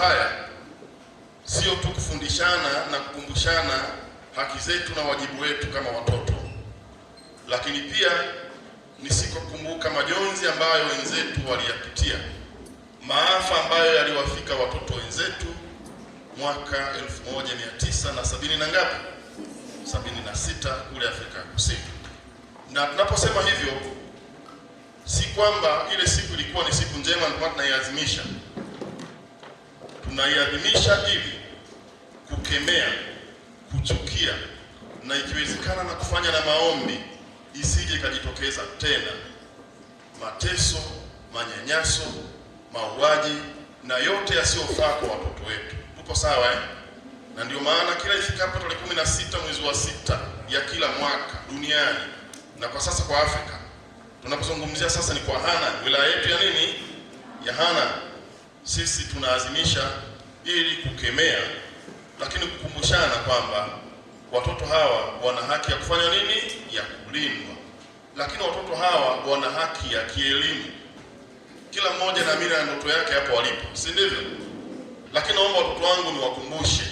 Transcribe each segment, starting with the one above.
haya sio tu kufundishana na kukumbushana haki zetu na wajibu wetu kama watoto, lakini pia ni siku kukumbuka majonzi ambayo wenzetu waliyapitia, maafa ambayo yaliwafika watoto wenzetu mwaka elfu na na ngapi, sabini na sita kule Afrika ya Kusini. Na tunaposema hivyo, si kwamba ile siku ilikuwa ni siku njema tulikuwa tunaiadhimisha tunaiadhimisha ili kukemea, kuchukia na ikiwezekana na kufanya na maombi isije ikajitokeza tena mateso, manyanyaso, mauaji na yote yasiyofaa kwa watoto wetu. Tuko sawa eh? Na ndio maana kila ifikapo tarehe kumi na sita mwezi wa sita ya kila mwaka duniani na kwa sasa kwa Afrika tunapozungumzia sasa ni kwa Hana, wilaya yetu ya nini ya Hana, sisi tunaazimisha ili kukemea, lakini kukumbushana kwamba watoto hawa wana haki ya kufanya nini? Ya kulindwa. Lakini watoto hawa wana haki ya kielimu, kila mmoja na mira ya ndoto yake hapo walipo, si ndivyo? Lakini naomba watoto wangu niwakumbushe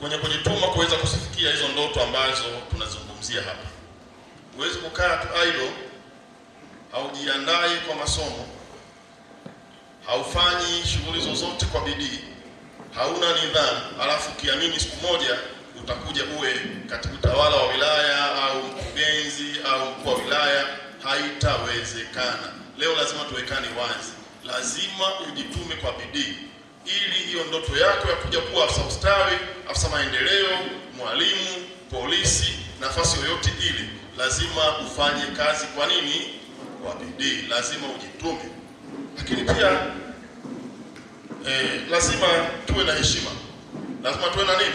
kwenye kujituma kuweza kusifikia hizo ndoto ambazo tunazungumzia hapa. Huwezi kukaa tu idle, haujiandai kwa masomo haufanyi shughuli zozote kwa bidii, hauna nidhamu, alafu ukiamini siku moja utakuja uwe katika utawala wa wilaya au mkurugenzi au mkuu wa wilaya, haitawezekana. Leo lazima tuwekane wazi, lazima ujitume kwa bidii ili hiyo ndoto yako ya kuja kuwa afisa ustawi, afisa maendeleo, mwalimu, polisi, nafasi yoyote ile, lazima ufanye kazi. Kwa nini? Kwa bidii, lazima ujitume. Lakini pia eh, lazima tuwe na heshima, lazima tuwe na nini.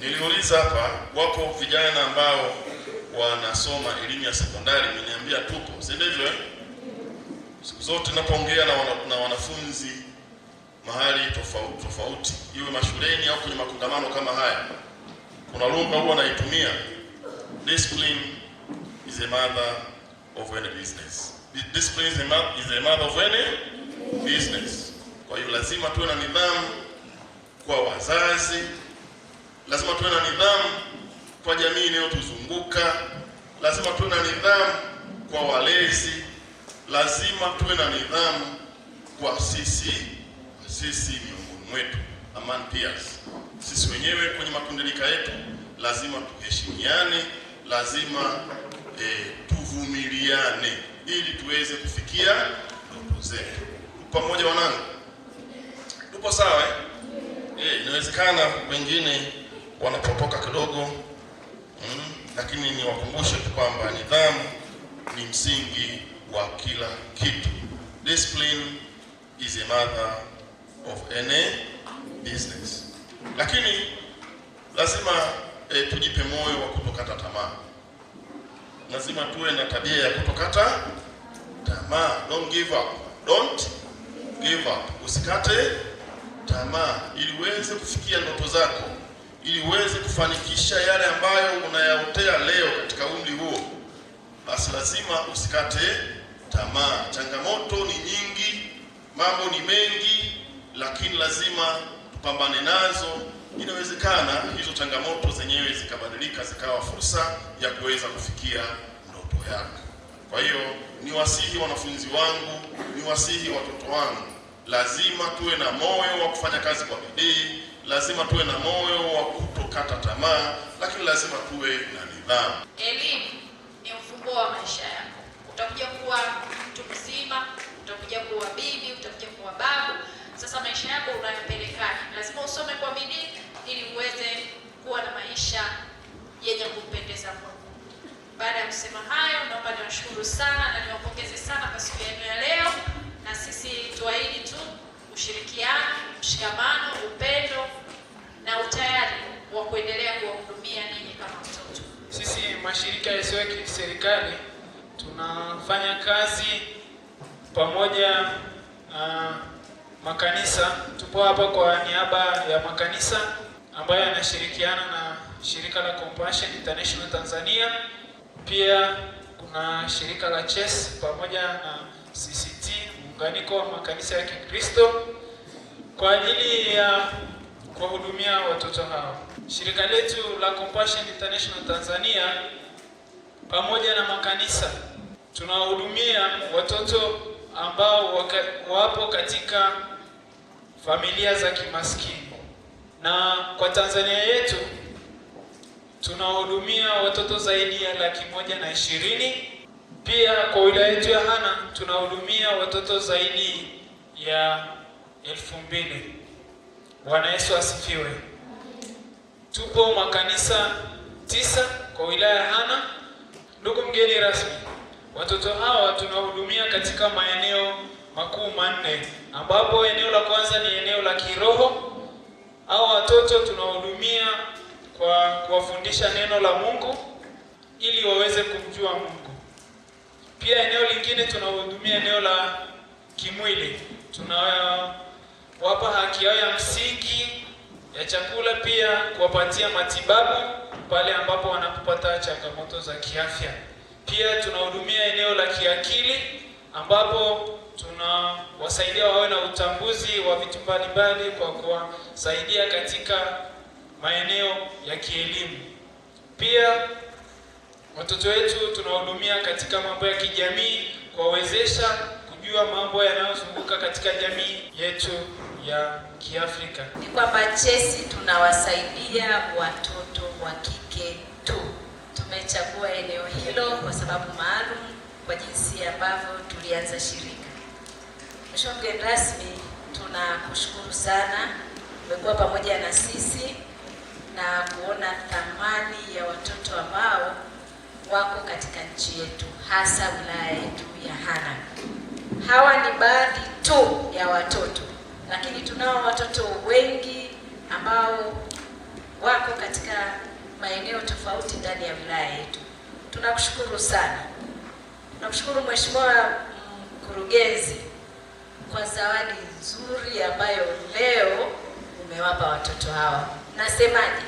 Niliuliza hapa, wako vijana ambao wanasoma elimu ya sekondari, meniambia tupo, si ndivyo? Eh? Siku zote napoongea na, wana, na wanafunzi mahali tofauti tofauti, iwe mashuleni au kwenye makongamano kama haya, kuna lugha huwa naitumia, discipline is a mother of any business place is the mother of any business. Kwa hiyo lazima tuwe na nidhamu kwa wazazi, lazima tuwe na nidhamu kwa jamii inayotuzunguka, lazima tuwe na nidhamu kwa walezi, lazima tuwe na nidhamu kwa sisi sisi miongoni mwetu, among peers, sisi wenyewe kwenye makundilika yetu, lazima tuheshimiane, lazima eh, tuvumiliane ili tuweze kufikia ndoto zetu. Pamoja wanangu, tupo sawa eh? Eh, inawezekana wengine wanapotoka kidogo mm, lakini niwakumbushe tu kwamba nidhamu ni msingi wa kila kitu. Discipline is a mother of any business. Lakini lazima eh, tujipe moyo wa kutokata tamaa lazima tuwe na tabia ya kutokata tamaa. Don't give up. Don't give up. Usikate tamaa ili uweze kufikia ndoto zako, ili uweze kufanikisha yale ambayo unayaotea leo katika umri huo, basi lazima usikate tamaa. Changamoto ni nyingi, mambo ni mengi, lakini lazima tupambane nazo inawezekana hizo changamoto zenyewe zikabadilika zikawa fursa ya kuweza kufikia ndoto yako. Kwa hiyo ni wasihi wanafunzi wangu, ni wasihi watoto wangu, lazima tuwe na moyo wa kufanya kazi kwa bidii, lazima tuwe na moyo wa kutokata tamaa, lakini lazima tuwe na nidhamu. Elimu ni ufunguo wa maisha yako. Utakuja kuwa mtu mzima, utakuja kuwa bibi, utakuja kuwa baba sasa maisha yako unayapelekaje? Lazima usome kwa bidii ili uweze kuwa na maisha yenye kumpendeza Mungu. Baada ya kusema hayo, naomba niwashukuru sana na niwapongeze sana kwa siku yenu ya leo, na sisi tuahidi tu ushirikiano, mshikamano, upendo na utayari wa kuendelea kuwahudumia ninyi kama mtoto. Sisi mashirika yasiyo ya kiserikali tunafanya kazi pamoja uh, makanisa. Tupo hapa kwa niaba ya makanisa ambayo yanashirikiana na shirika la Compassion International Tanzania, pia kuna shirika la Chess pamoja na CCT, muunganiko wa makanisa ya Kikristo kwa ajili ya kuwahudumia watoto hao. Shirika letu la Compassion International Tanzania pamoja na makanisa tunawahudumia watoto ambao wapo katika familia za kimaskini, na kwa Tanzania yetu tunahudumia watoto zaidi ya laki moja na ishirini. Pia kwa wilaya yetu ya Hana tunahudumia watoto zaidi ya elfu mbili. Bwana Yesu asifiwe. Tupo makanisa tisa kwa wilaya ya Hana. Ndugu mgeni rasmi, watoto hawa tunahudumia katika maeneo makuu manne, ambapo eneo la kwanza ni eneo la kiroho au watoto tunahudumia kwa kuwafundisha neno la Mungu ili waweze kumjua Mungu. Pia eneo lingine tunahudumia eneo la kimwili, tunawapa haki yao ya msingi ya chakula, pia kuwapatia matibabu pale ambapo wanapopata changamoto za kiafya. Pia tunahudumia eneo la kiakili ambapo tunawasaidia wawe na utambuzi wa vitu mbalimbali kwa kuwasaidia katika maeneo ya kielimu. Pia watoto wetu tunawahudumia katika mambo ya kijamii, kuwawezesha kujua mambo yanayozunguka katika jamii yetu ya Kiafrika. Ni kwamba CHESI tunawasaidia watoto wa kike tu. Tumechagua eneo hilo kwa sababu maalum kwa jinsi ambavyo tulianza shirika Mheshimiwa mgeni rasmi, tunakushukuru sana, umekuwa pamoja na sisi na kuona thamani ya watoto ambao wako katika nchi yetu, hasa wilaya yetu ya hana Hawa ni baadhi tu ya watoto, lakini tunao watoto wengi ambao wako katika maeneo tofauti ndani ya wilaya yetu. Tunakushukuru sana, tunakushukuru Mheshimiwa Mkurugenzi kwa zawadi nzuri ambayo leo umewapa watoto hawa. Nasemaje?